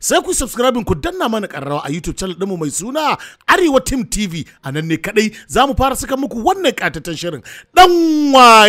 sai ku subscribe ku danna mana karrawa a YouTube channel ɗinmu mai suna Arewa Team TV a nan ne kaɗai za mu fara saka muku wannan katatan shirin dan waye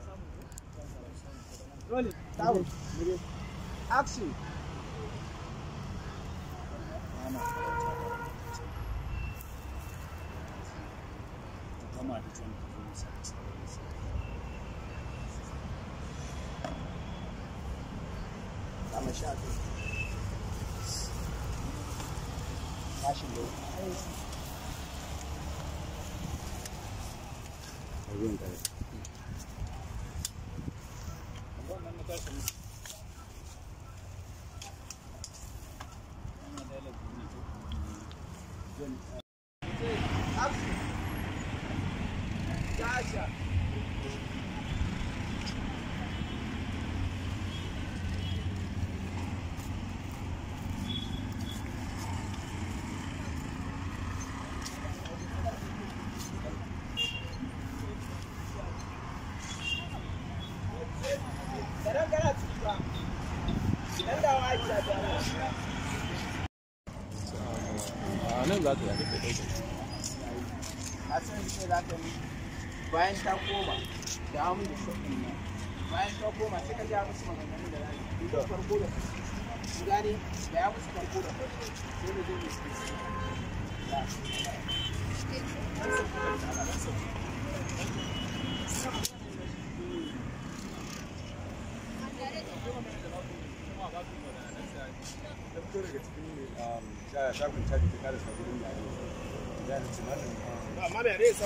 Action. Thank you. bayan ta koma da amin da shaɗin nan bayan ta koma sai ka ja musu maganganu da rani da farko da farko gane da ya musu farko da farko sai da zai ne da fito daga ta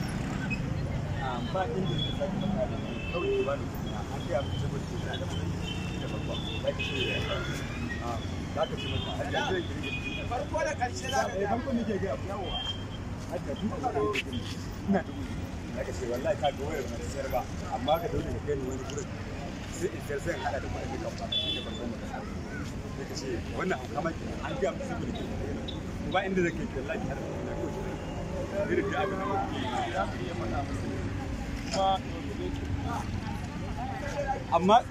ba din da zai sake maka da kawai ba da kuma an ce abin saboda ke da kuma da babba ba ka ce ya za ka ce maka har da zai kirga farko da karshe za ka ga farko nake ga yawa har da duk da ina da gudu za ka ce wallahi ka ga wayar mai sayar ba amma ka dole ka kai ni wani gurin sai in sayar sai hada da kuɗin da kan ba shi ne farkon maka sai ka ce wannan hankamaki an ga abin saboda ke ba inda zai kai wallahi har da kuma ko shi ne irin da abin da ke da ya faɗa masa kuma amma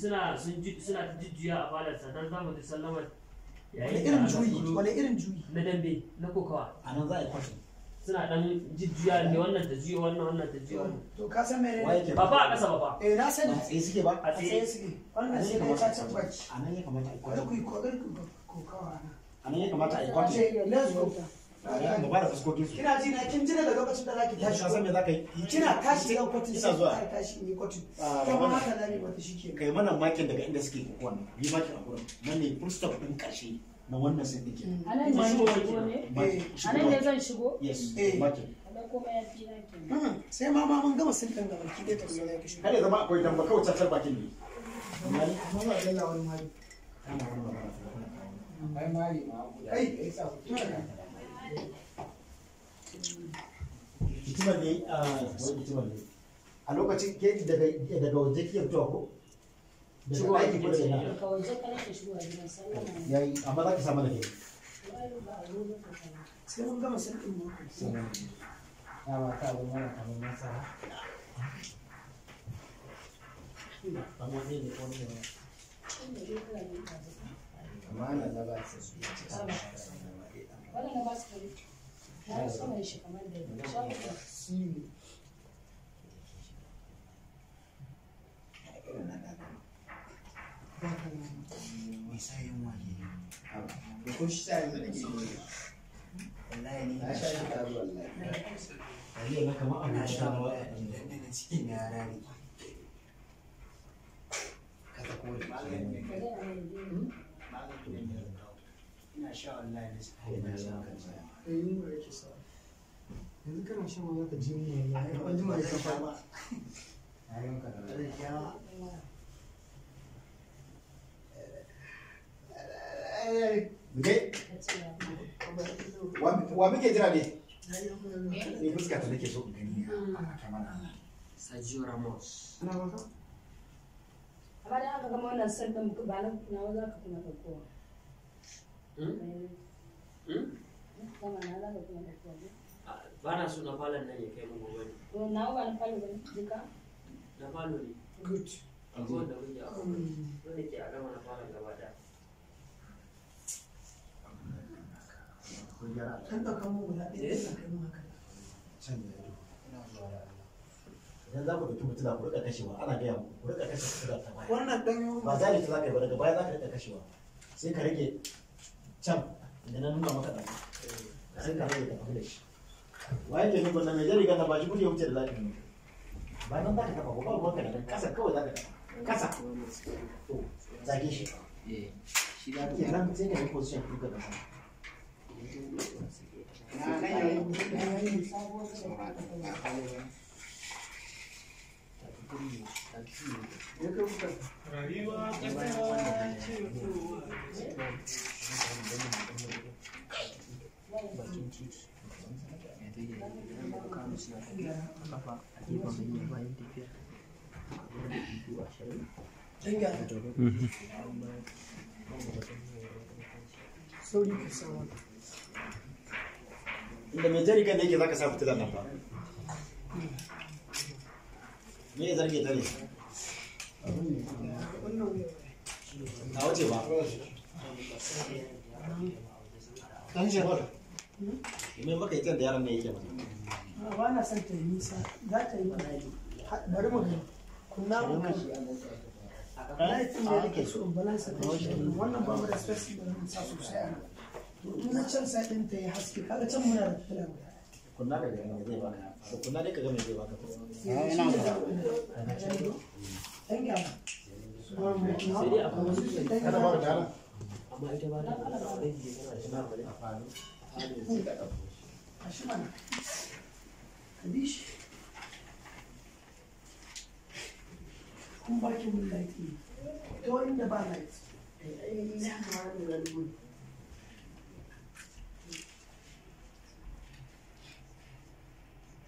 suna ta jijjiya a falar sannan za mu ji yayin irin juyi irin juyi na dambe na kokawa a za a yi suna dan ne wannan ta wannan wannan ta to ka san ba ba kasa ba eh na sani suke ba a suke wannan sai ya kamata a yi ku yi kokawa ya kamata a yi let's go mu ba da fuskokin su kina ji na kin ji daga lokacin da zaki tashi san me zaka yi ina zuwa kina ah, ni mana makin daga inda ko makin a ne na wannan sai shigo eh, shigo yes eh. mm-hmm. sai ma ma mun gama sun danga baki dai ta ya kishi kada zama akwai damba kawai tatar bakin ne amma ba Allah wani mali ai mali ma ai sai sa Hikimar dai a ah, wani hikimar dai. A lokacin ke daga waje ke ko? aiki ko daga nan? Daga waje kana shigo a gidan Yayi amma za samu da ke. Sai mun gama Ya ma ta mana kamar masara. ne ko ne na ba su wala na ba su fahimci na yi saman shi kamar da ya shafi da simi mai sayan wani da ko shi sayan da nake yi wallahi ne na sha ta zuwa wallahi wallahi na kama abu na sha wa a da cikin yara ne ka ta kore magani ne magani ne ina sha wallahi da sai ina yanzu kana shan zaka ji da wa muke jira ne? Ne fuska ta nake so in gani a kamar Ramos. Ana aka gama wannan ba na ka kowa. ba na so na falon nan ya kai mu gobe ne na ba na falon ne duka na falo ne good abubuwan da muke abubuwa wanda ke alama na falon gaba daya kan ɗaukan mu guda ɗaya da kai mu haka can da yado idan za ku ɗauki mutuna ku riƙa kashewa ana gaya ku riƙa kashe ta baya wannan ɗan yau ba za ka yi ba daga baya za ka riƙa kashewa sai ka rage can da na nuna maka ɗan sai ka rage tafi da shi wa yake nufin nan mai jari ya wuce da zaɓi ba nan za ta tafa ba ruwanka da kasa kawai za ka tafa kasa to zage shi kenan sai ka yi position ɗin da sama Na, na, na, Rayuwa ƙasa ce kowa. Bakin titi. Inda da me ya zarge ta ne a ba dan maka da yaran ne yake ba na ta nisa za ta yi mana bari mu kunna mu so in balance shi wannan ba mu da da mun sa a nan. To in can sai ta yi haske kaga can muna da Kunna zai ba na Kuna dai kun ba light ne ta wanda ba light eh, ai ai da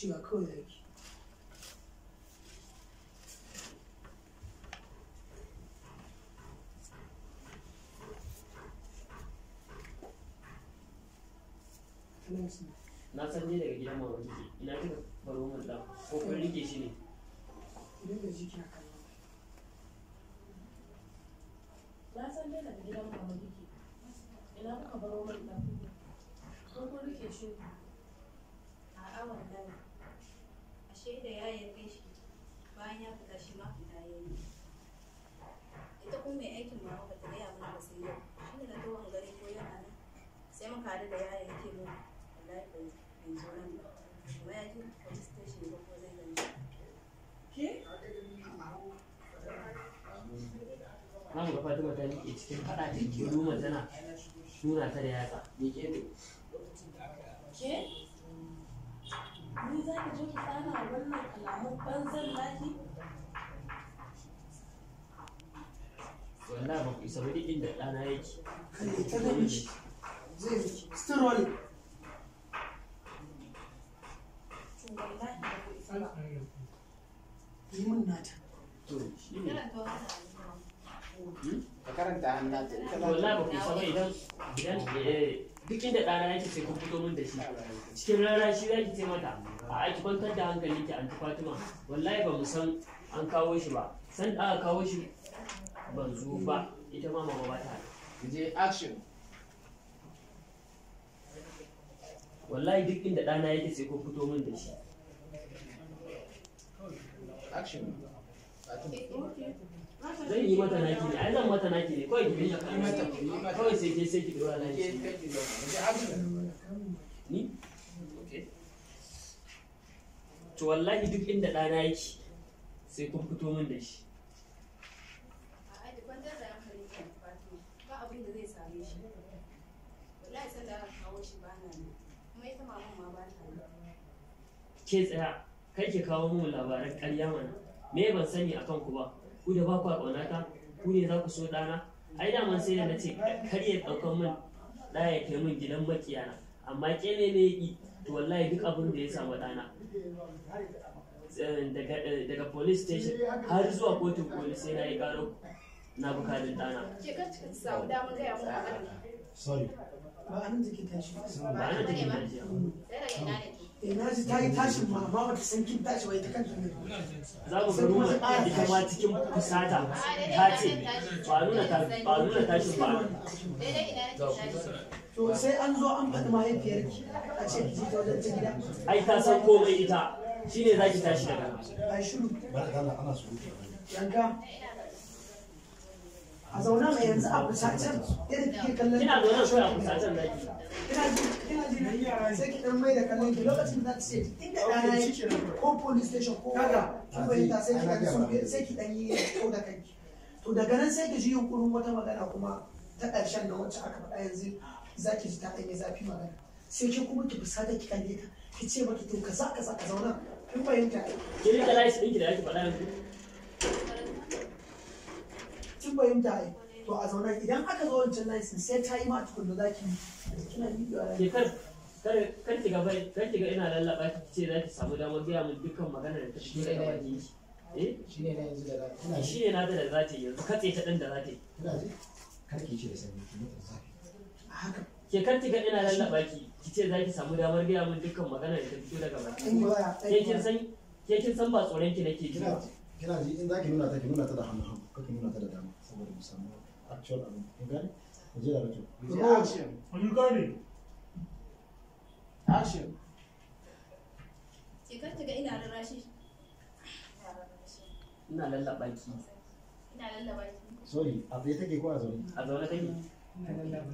cewa kawai na san daga gidan mama kike ina kika baro mun da ko ne na san daga gidan mama kike ina kuka baro mun da ko ne a awon dana ashe da ya yabe shi bayan ya fita shi ma fita ya yi ita kuma mai aikin ma ba ta gaya mana ba sai yau shi ne na tawon gari ko yana nan sai muka haɗu da ya yake mun wallahi bai zo nan ba kuma ya ji police station ba ko zai gani ke za mu ga fatima ta miƙe cikin faɗa ta ke nuna tana nuna ta da yatsa miƙe ne ke ni za ki je ki tsara wannan alamun banzan naki wallahi ba ku isa ba duk inda ɗana yake ta da miki zai miki still rolling to wallahi ba ku isa ba yi mun nata to shi ne ka karanta hannata ita ba wallahi ba ku isa ba idan idan eh duk inda ɗana yake sai ku fito min da shi cikin rana shi za ki ce mata a aiki kwantar da hankali ki anti fatima wallahi ba mu san an kawo shi ba san da aka kawo shi ban zo ba ita ma mama ba ta je action wallahi duk inda ɗana yake sai ku fito min da shi action zan yi mata naki ne ai zan mata naki ne kawai ki bi kawai sai ke sai ki dora naki ni to wallahi duk inda ɗana yake sai kun fito min da shi ke tsaya kai ke kawo mun labaran karya mana me ban sani akan ku ba ku da ba ku ƙaunata ku ne za ku so ɗana ai da man sai da nace kar ya ɗaukan min ɗa ya kai min gidan makiyana amma ke ne ne yi to wallahi duk abin da ya samu ɗana eh, eh, daga police station har zuwa kotun police sai na yi ƙaro na bukatun ɗana. na ji ta yi tashin mama wata san kin tashi wai ta kanta ne za mu garu ma ita ma cikin fusata ta ce ba nuna ba nuna tashin ba to sai an zo an faɗi mahaifiyarki a ce ki ta wajen ta gida ai ta san komai ita shine zaki tashi daga ai shiru barka Allah ana so yanka a zauna mai yanzu a fusacen yadda kike kallon kina zaune so a fusacen da kina ji kina ji sai ki dan mai da kallon ki lokacin da ce inda dana yake ko police station ko kaga kin bayyana sai ki dan sai ki dan yi ko da kanki to daga nan sai ki ji yunkurin wata magana kuma ta ƙarshen da wacce aka faɗa yanzu za ki ji ta ɗanyi zafi magana sai ki kuma ki fusata ki kalle ki ce to kaza kin da kin fahimta ai to a zauna idan aka zo wancan license sai ta yi ma da zaki kina bidiyo ai kar ki ga bai kar ki ga ina lallaba ki ce za ki samu damar gaya min dukkan magana da ta shige da baki eh shine na yanzu da za shine na da za ta yanzu katse ta dan da za ta yi kar ki ce da sanin ki mutum zafi haka ke kan tika ina lallaba ki ki ce za samu damar gaya min dukkan magana da ta fito daga baki ke kin san ke kin san ba tsoron ki nake ji ba kina ji in zaki nuna ta ki nuna ta da hannu hannu kake nuna ta da dama saboda mu samu actual abin kin gane mu je da rakin action kun gane action ke kar ta ga ina rarrashi ina lallaba ki ina lallaba ki sorry a tsaye take ko a zaune a zaune take ina lallaba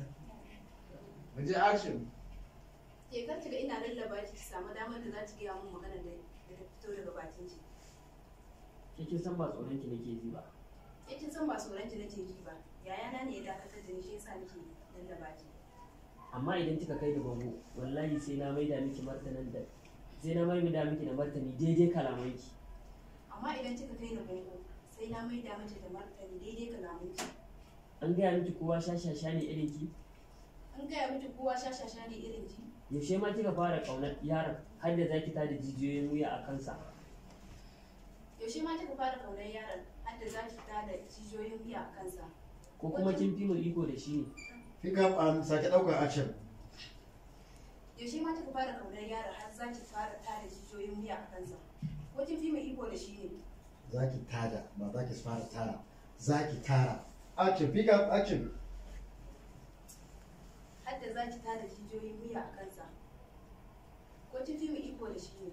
mu je action ke kar ta ga ina lallaba ki samu damar da za ta gaya mun magana da ta fito daga bakin ki kike san ba tsoron ki nake ji ba eh, kike san ba tsoron ki nake ji ba yayana ne ya dakatar da ni shi yasa nake dan da baki amma idan kika kai da bango wallahi sai na maida miki martanin da sai na maida miki da martani daidai ki. amma idan kika kai da bango sai na maida miki da martani daidai ki. an gaya miki kowa shashasha ne irin ki an gaya miki kowa shashasha ne irin ki yaushe ma kika fara kaunar yaron har da zaki tada jijiyoyin wuya a kansa shi ma ku fara kaunar yaron har da zaki ta da jijiyoyin biya a kansa ko kuma kin fi mu iko da shi ne kin ga an um, sake daukar action shi ma ku fara kaunar yaron har zaki fara ta da jijiyoyin biya a kansa ko kin fi mu iko da shi ne zaki tada ba za ki fara tara zaki tara action pick up action har da zaki da jijiyoyin biya a kansa ko kin fi mu iko da shi ne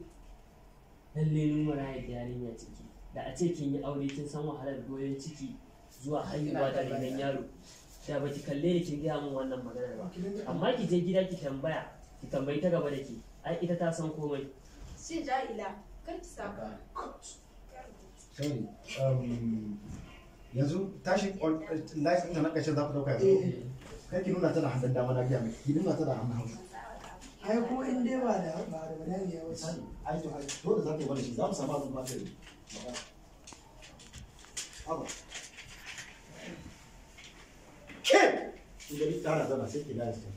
lalle nuna na yadda yarinya ciki da a ce kin yi aure kin san wahalar goyon ciki zuwa haihuwa da rinan yaro da baki kalle ni kin gaya min wannan magana ba amma ki je gida ki tambaya ki tambayi ta gaba da ke ai ita ta san komai shi ja'ila kar ki saba um, yanzu tashi eh, life ɗin ta na za ku ɗauka yanzu eh. kai ki nuna da hannun dama na biya mai ki nuna da hannun hausa ai ko in dai ba da ba da bayani ya wasu ai to ai dole za ka yi mana shi za samu abin ba ka haba ke gari tara zama sai ki dace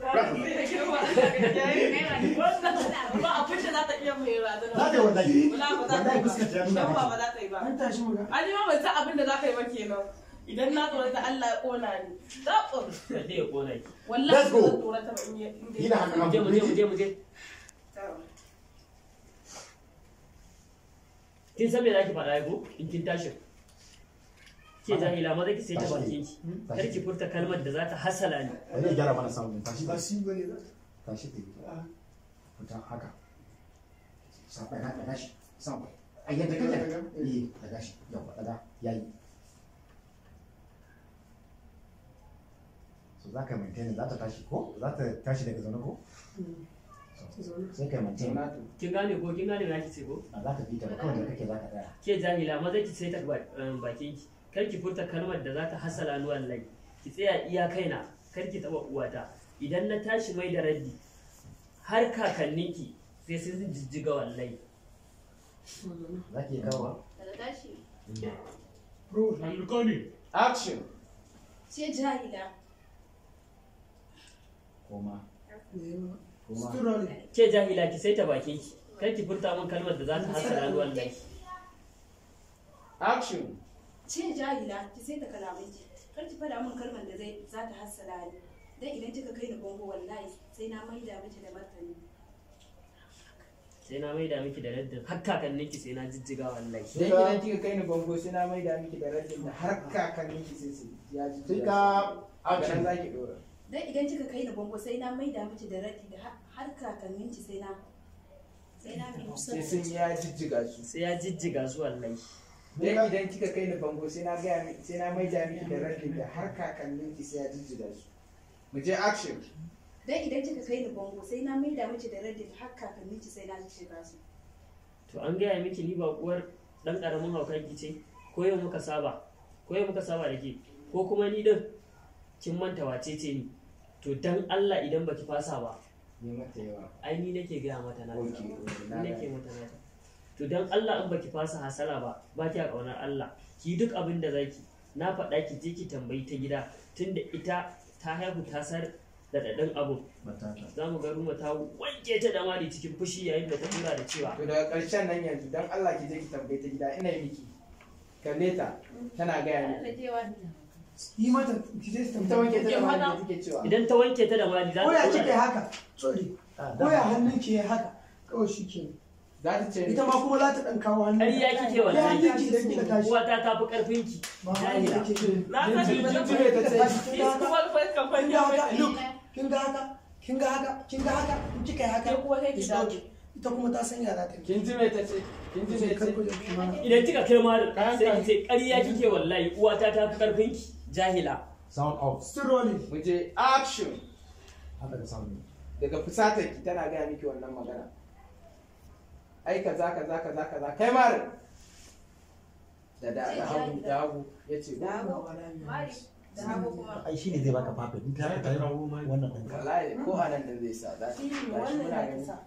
ba a fice za ta iya mai razana za ta yi wallahi ba za ta yi ba an tashi mu ga an yi ma ban san abin da za ka yi ba kenan idan na tsorata Allah ya kona ni tsakon kaje ya kona ki wallahi ba tsorata ba in yi ina hannun mu muje mu muje kin san me zaki faɗa ko in kin tashi ke jahila maza ki sai ta bakin ki kar ki furta kalmar da za ta hasala ni wani gyara mana samu tashi tashi bane tashi ta yi ta haka sabai na tashi sabai a yadda kake eh daga shi yawa daga yayi so za ka maintain za ta tashi ko za ta tashi daga zaune ko hmm. sai kai maintain kin gane ko kin gane zaki ce ko za ka bi ta ba kawai da kake za ka tsaya ke jahila maza ki sai ta um, bakin ki kar ki furta kalmar da za ta hasala ni wallahi ki tsaya iya kaina kar ki taba uwata idan na tashi mai da raddi har kakanninki sai sun jijjiga wallahi za ki kawo Bro, I'm recording. Action. Ce jahila. koma koma ce jahila ki sai ta bakin ki kar ki furta min kalmar da za ta hasara ni wallahi action ce jahila ki sai ta kalamai ki kar ki fada min kalmar da zai za ta hasara ni dan idan kika kai ni bango wallahi sai na maida miki da martani sai na maida miki da raddin har kan ki sai na jijjiga wallahi sai idan kika kai ni bango sai na maida miki da raddin da har kakannin ki sai su ya jijjiga a garin zaki dora dan idan kika kai da bango sai na maida miki da rati da har kakannin ki sai na sai na mi sai ya jijjiga su sai ya jijjiga su wallahi dan idan kika kai da bango sai na ga sai na maida miki da rati da har kakannin ki sai ya jijjiga su mu je action dan idan kika kai da bango sai na maida miki da rati da har kakannin ki sai na jijjiga su to an gaya miki ni ba kuwar dan karamin haukan ki ce ko yau muka saba ko yau muka saba da ke ko kuma ni din kin manta wace ce ni to dan Allah idan baki fasa ba ni mata yawa ai ni nake gaya mata na ni nake mata na to dan Allah in baki fasa hasara ba ba ki kaunar Allah ki duk abin da zaki na faɗa ki je ki tambayi ta gida tunda ita ta haihu ta sar da dadan abu za mu ga ruma ta wanke ta dama mali cikin fushi yayin da ta tura da cewa to daga karshen nan yanzu dan Allah ki je ki tambayi ta gida ina miki kalle ta tana gaya ni yi mata ki ta ta wanke ta da mali take cewa idan ta wanke ta da mali za ta koya kike haka sorry koya hannun ki haka kawai ke za ta ce ita ma kuma za ta dan kawo hannun ƙarya kike wannan ya ki dan kika tashi uwata ta fi karfin ki dalila na san jinjire ta ce ki kuma fa ka Kin ga haka. kin ga haka kin ga haka kin ga haka Kin kika yi haka kai ki ita kuma ta ta kin ji me ta ce kin ji me ta ce idan kika kai ma sai ki ce ƙarya kike wallahi uwata ta fi karfin jahila sound off muje action haka da sound daga fusatar ki tana gaya miki wannan magana ai kaza kaza kaza kai mare da da da hagu da hagu yace da da hagu shine zai baka fafe in ka ta wannan ɗan wallahi ko anan da zai sa da shi muna ganin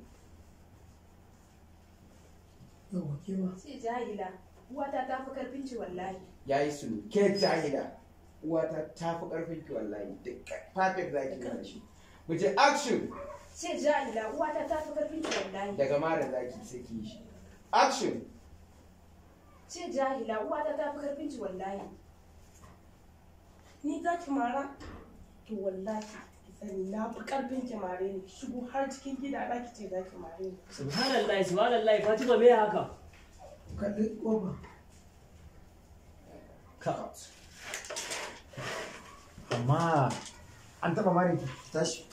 yawa kewa ce jahila uwata ta fi karfin ci wallahi yayi su ke jahila uwata ta fi karfin ki wallahi da za ki gane shi mu ce action ce jahila uwata ta fi karfin ki wallahi daga mara zaki sai ki shi action ce jahila uwata ta fi karfin ki wallahi ni za zaki mara to wallahi na fi karfin ki mare shigo har cikin gida da ki ce za ki mare ni subhanallahi subhanallahi fatima me haka ka duk goma ka amma an taɓa mare ki tashi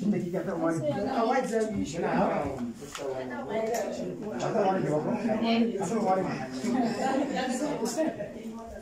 tunda kike an taɓa mare ki a wai zan yi shi na haka an taba mare ki ba an taba mare ki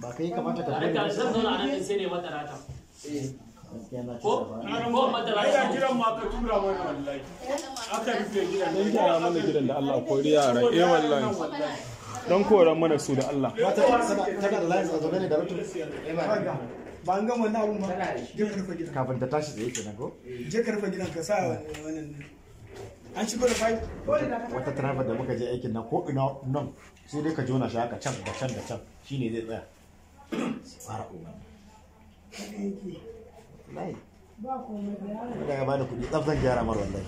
ba kai kamata ka fara zan zauna a nan sai ne mata rata eh, ko ko mata rata ya gidan ma ka tura mana wallahi aka rufe gidan dan gyara mana gidan da Allah ko yara eh wallahi dan koran mana su da Allah wata tana da layin zaune ne da rutu eh, ba an gama na abun ba je ka rufe gidan kafin ta tashi tsaye kenan ko eh, je ka rufe gidan ka sa wannan an shigo da fai wata travel da muka je aikin nan ko ina nan sai dai ka jona shi haka can da can da can shine zai tsaya fara wallahi da ya bani zan gyara mar wallahi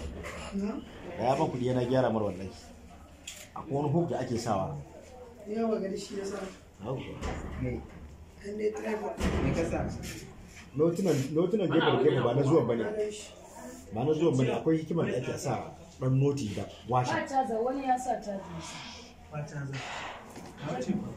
da ya ban kudi yana gyara mar wallahi akwai wani hook da ake sawa notunan gebar gebar ba na zuwan bane ba na zuwan bane akwai hikimar da ake sa dan noti da washe ba ta za wani ya sa ta ba ta za ba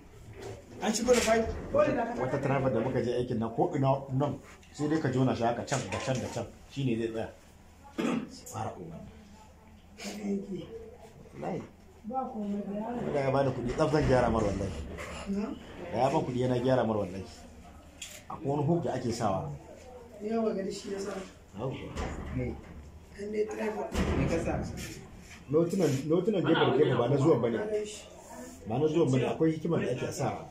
an shigo da fayi wata travel da muka je aikin nan ko ina nan sai dai ka jona shi haka can da can da can shine zai tsaya fara uwa ba ya bada kuɗi tsaf gyara mar wallahi da ya ban kuɗi yana gyara mar wallahi akwai wani hook da ake sawa yawa gari shi ya sa notunan notunan gebar gebar ba na zuwan bane ba na zuwan bane akwai hikimar da ake sawa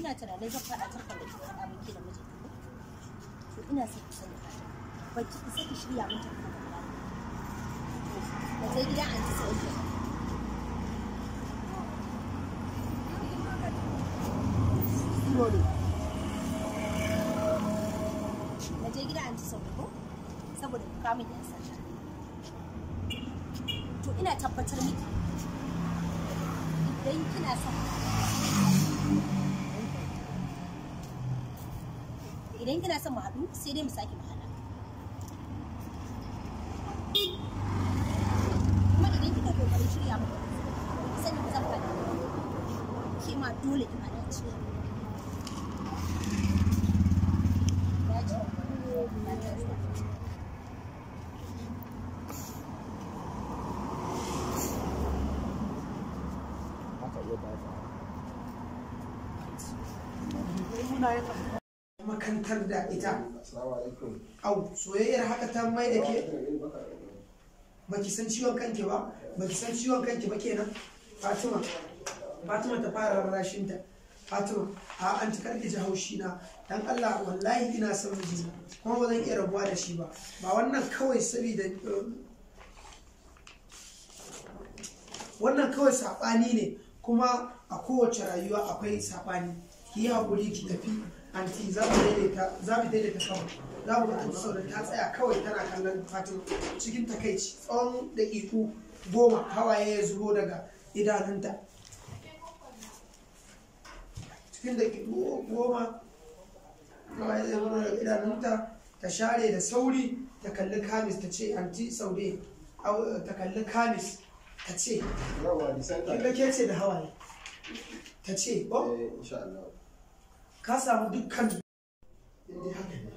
kina tunanin zan faɗa tarkon da kika faɗa miki da mijinki to ina son ki sani ba ki isa ki shirya mun tarkon da ba sai gida an ci sai ki Na je gida an ci sau ko saboda ku kamun yan sanda. To ina tabbatar miki idan kina son idan kina son mu haɗu sai dai mu sake mu haɗa kuma idan kika kokarin shirya mu sanin zan faɗa ke ma dole kina da ciwo Thank you. alakantar da ita au soyayyar haka ta mai da ke baki san ciwon kanki ba baki san ciwon kanki ba kenan fatima fatima ta fara rarrashin ta fatima a an ci karki ji haushi na dan Allah wallahi ina son mijina kuma ba zan iya rabuwa da shi ba ba wannan kawai saboda uh, wannan kawai sabani ne kuma a kowace rayuwa akwai sabani ki yi haƙuri ki tafi anti za mu daidaita za mu daidaita kawai za mu anti saboda ta tsaya kawai tana kallon fatima cikin takaici tsawon daƙiƙu goma hawaye ya zubo daga idanunta cikin daƙiƙu goma hawaye ya zubo daga idanunta ta share da sauri ta kalli kamis ta ce anti saude ta kalli kamis ta ce kin ke ce da hawaye ta ce ba oh, eh, ka samu dukkan inda haka ne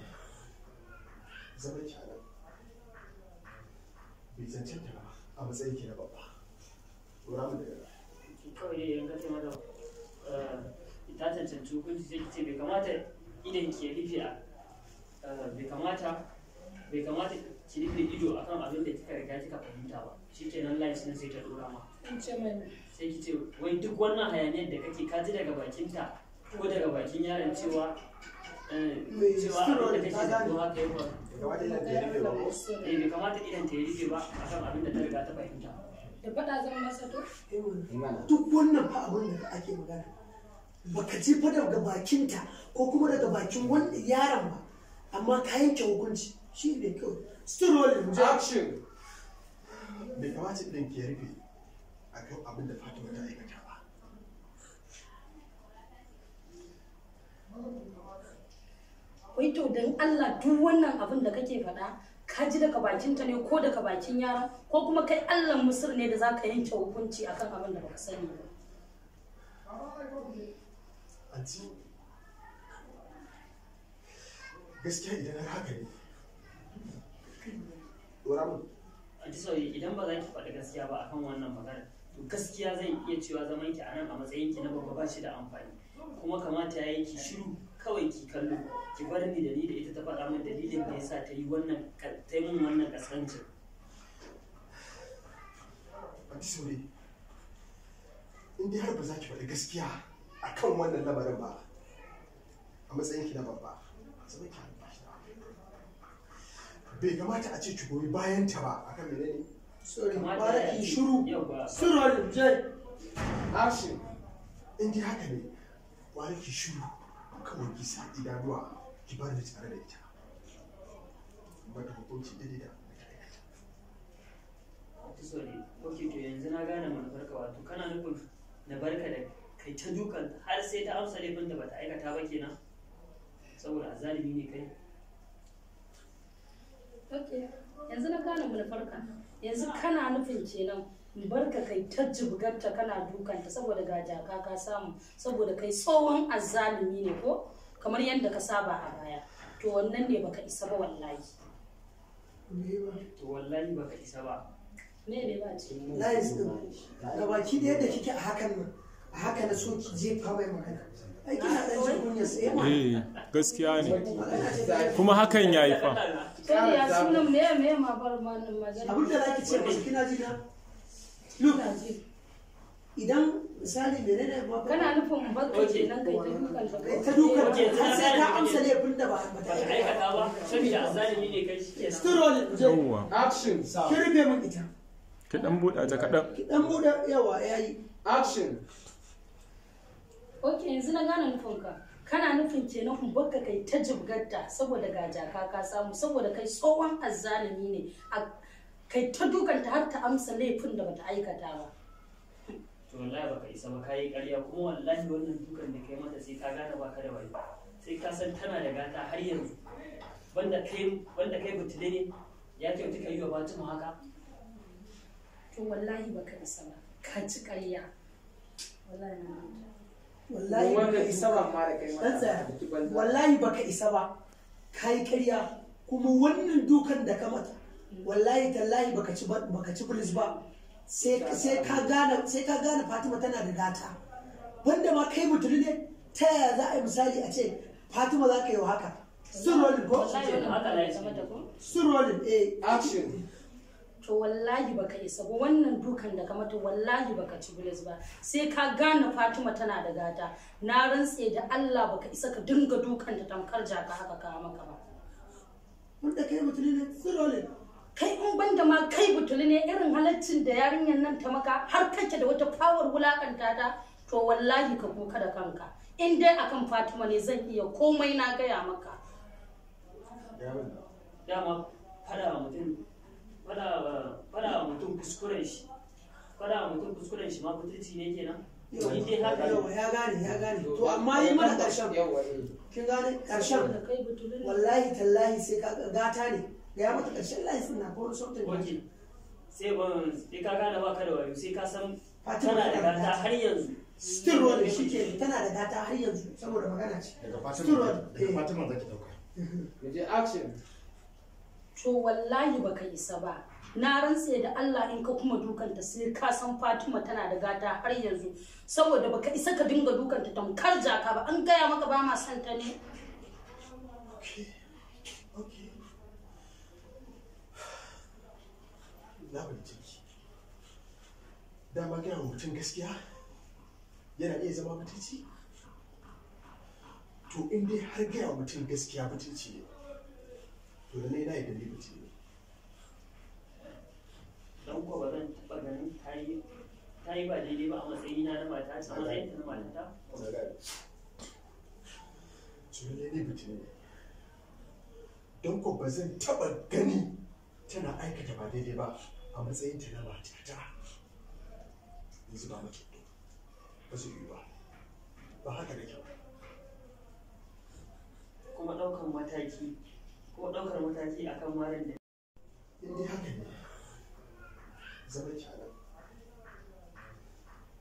zaman ki anan bai zancen ta ba a matsayin ki na babba lura mu da kawai dai ka ce mata eh, ta cancanci hukunci sai ce bai kamata idan ki rufe a eh, bai kamata bai kamata ki rufe ido akan abin da kika riga kika fahimta ba shi ke nan life sai ta dora ma sai ki ce wai duk wannan hayaniyar da kake ka ji daga bakinta ko daga bakin yaron cewa eh, cewa abin da take da haka ya faru eh bai kamata idan ta yi rike ba akan abin da ta riga ta fahimta da faɗa zama masa to duk wannan ba abin da ake magana baka ji fa daga bakinta ko kuma daga bakin wanda yaron ba amma ka yanke hukunci shi ne kyau strolling action bai kamata idan ke rufe akan abin da fatima ta aikata wai to don Allah duk wannan abin da kake faɗa ka ji daga bakinta ne ko daga bakin yara ko kuma kai Allah musur ne da zaka yanke hukunci akan abin da baka sani ba. Anti, gaskiya idan har haka ne. Anti sauyi idan ba za ki faɗi gaskiya ba akan wannan magana to gaskiya zan iya cewa zaman ki anan a matsayin ki na babba ba shi da amfani kuma kamata yayi ki shiru kawai ki kallo ki bar ni da ni da ita ta faɗa min dalilin da yasa ta yi wannan ta yi min wannan kasance Batisore, in dai har ba za ki faɗi gaskiya a kan wannan lamarin ba, a matsayin ki na babba, zama ki hannu bai kamata a ce ki goyi bayan ta ba a kan menene sorry kwanaki shuru sirrol jai harshe in ji haka ne kwanaki shuru kawai ki sa idanuwa ki bar da tare da ita ba da hukunci daidai da sorry ok to yanzu na gane manufarka wato kana nufin na barka da kai ta dukan har sai ta amsa laifin da bata aikata ba kenan saboda azalimi ne kai ok yanzu na gane manufarka yanzu kana nufin kenan barka kai ta jibgarta kana dukanta saboda ga jaka ka samu saboda kai tsohon azzalumi ne ko kamar yadda ka saba a baya to wannan ne baka isa ba wallahi wallahi baka isa ba me ne ba ce na yi da baki da yadda kike a hakan nan a haka na so ki jefa mai magana Eh? eh gaskiya ne kuma hakan ya yi fa idan misali mene ne ba kana nufin bakka kai ta dukan ta dukan sai amsa da ba ta ne kai action mun ita ki dan buda ta kadan ki dan buda yawa yayi action ok yanzu na gane nufinka kana nufin ke nufin baka kai ta jibgarta saboda gaja ka ka samu saboda kai tsohon azzalumi ne kai ta dukanta har ta amsa laifin da bata aikata ba to wallahi baka isa ba kai ƙarya kuma wallahi wannan dukan da kai mata sai ka gane baka da wani sai ka san tana da gata har yanzu wanda kai banda kai butule ne ya ce kika yi wa Fatima haka to wallahi baka isa ba ka ci ƙarya wallahi na wallahi baka isa ba wallahi ka isa ba kai karya kuma wannan dukan da ka mata wallahi tallahi baka ci ka ci bilis ba sai ka gane sai ka gane Fatima tana da gata wanda ma kai mutum ne ta yaya za a yi misali a ce Fatima za ka yi haka surolin ko surolin eh. eh action to wallahi baka isa ba wannan dukan da ka mata wallahi baka ci bilis ba sai ka gane Fatima tana da gata na rantse da Allah baka isa ka dinga dukan da tamkar jaka haka ka maka ba mun da kai mutune ne kai in banda ma kai butuli ne irin halaccin da yarinyar nan ta maka har kake da wata power wulakanta ta to wallahi ka kuka da kanka in dai akan Fatima ne zan iya komai na gaya maka dama fara mutum fada wa mutum kuskuren shi fada wa mutum kuskuren shi ma butulci ne kenan yau ya gane ya gane to amma yi mana karshen eh. kin gane karshen wallahi tallahi sai ka gata ne ga ya mata karshen layi sun na kawar sautin ne sai ban sai ka gane ba ka da wayo sai ka san tana da gata har yanzu still road shi ke tana da gata har yanzu saboda magana ce daga fatima daga eh. fatima zaki dauka action to wallahi ba baka isa ba na rantse da Allah in ka kuma dukanta sai ka san Fatima tana da gata har yanzu saboda baka isa ka dinga dukanta tamkar jaka ba an gaya maka ba ma son ta ne na binciki dama gaya mutum gaskiya yana iya zama mutunci to in dai har gaya mutum gaskiya mutunci ne to da nai da yi dalilin ne don kuwa ba zan taɓa ganin ta yi ba daidai ba a matsayi na mata a matsayin ta na malata da ne mutum ne don ko ba zan taɓa gani tana aikata ba daidai ba a matsayin ta na matata yanzu ba mace ba su yi ba ba haka da kyau kuma ɗaukan mataki ko ɗaukar mataki a kan warin da in dai haka ne zaman ki nan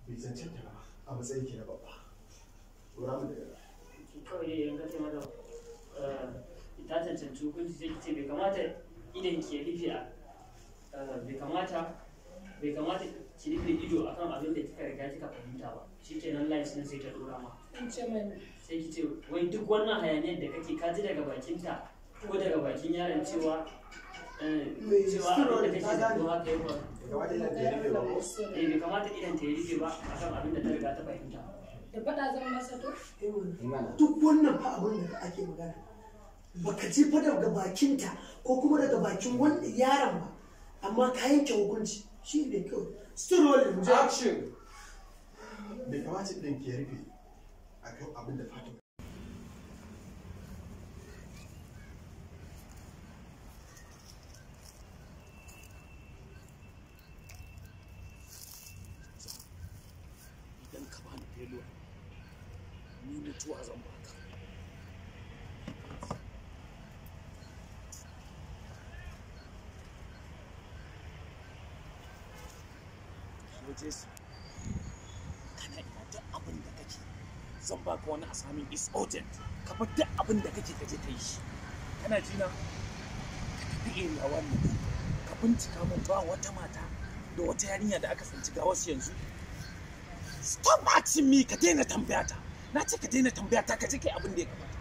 bai zancen ta ba a matsayin ki na babba lura mu daga kawai dai yanka ce mata eh, ta cancanci hukunci sai ce bai kamata idan ke rufe a eh, bai kamata bai kamata ki rufe ido akan abin da kika riga kika fahimta ba Shi shikenan live sun sai ta dora ma sai ki ce wai duk wannan hayaniyar da kake ka ji daga bakinta ko daga bakin yaron cewa eh, cewa abin da take ko haka yi ba eh bai kamata idan ta yi rike ba A kan abin da ta riga ta fahimta da faɗa zan masa to duk wannan fa abin da ake magana ba ka ji fa daga bakinta ko kuma daga bakin wanda yaron ba amma ka yanke hukunci shi ne kyau still rolling action bai kamata idan ke rufe akan abin da fata mutuwa zan kana ina duk abin da kake zan baka wani assignment is urgent ka bar duk abin da kake kaje ka yi shi kana jina na ka tafi area wannan ka bincika mun ba wata mata da wata yarinya da aka tsinci ga wasu yanzu stop asking me ka daina tambaya ta na ce ka daina tambaya ta ka je kai abin da ya kamata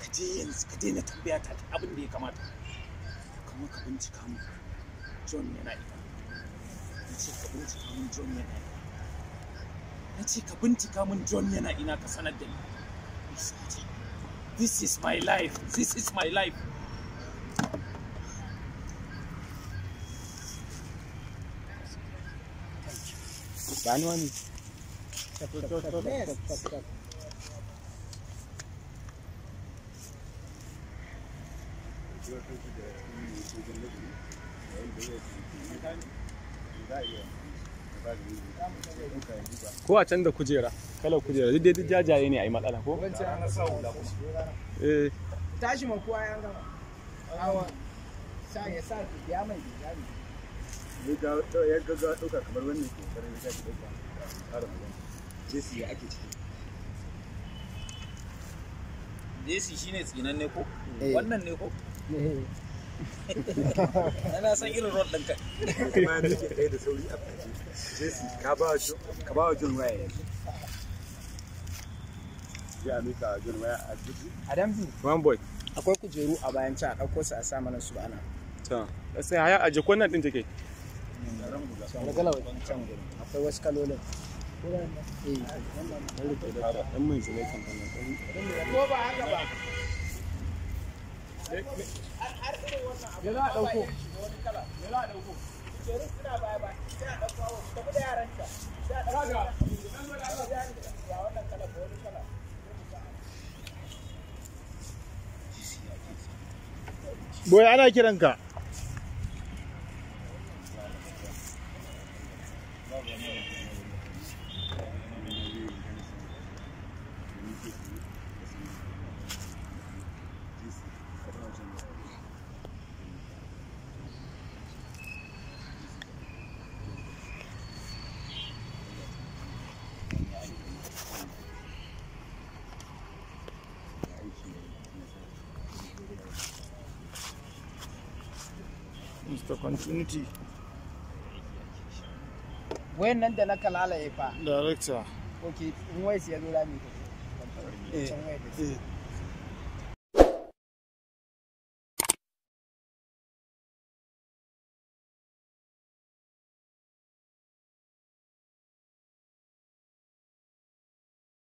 ka je yanzu ka daina tambaya ta abin da ya kamata kuma ka bincika mu john yana ita na ce ka bincika mu john yana ita na ce ka bincika mu john yana ina ka sanar da ni this is my life this is my life Thank wani? ko a canza kujera kalar kujera duk dai jajaye ne a yi matsala ko? eh tashi man kowa ya gama kamar wannan ke karin jesi ya ake ciki jesi shine tsinan ne ko eh. wannan ne ko eh. ana san irin rod ɗinka kuma ne ke ɗaya da sauri a jesi ka ba wa jin waya yanzu ya jin waya a jiki akwai kujeru a bayan can a ɗauko su a sa mana su ana sai haya a jikon nan ɗin take akwai wasu kalolin Boy ana kiranka. opportunity When nan da na kalalaye eh, fa director Okay, in wai sai ya zo rami ka eh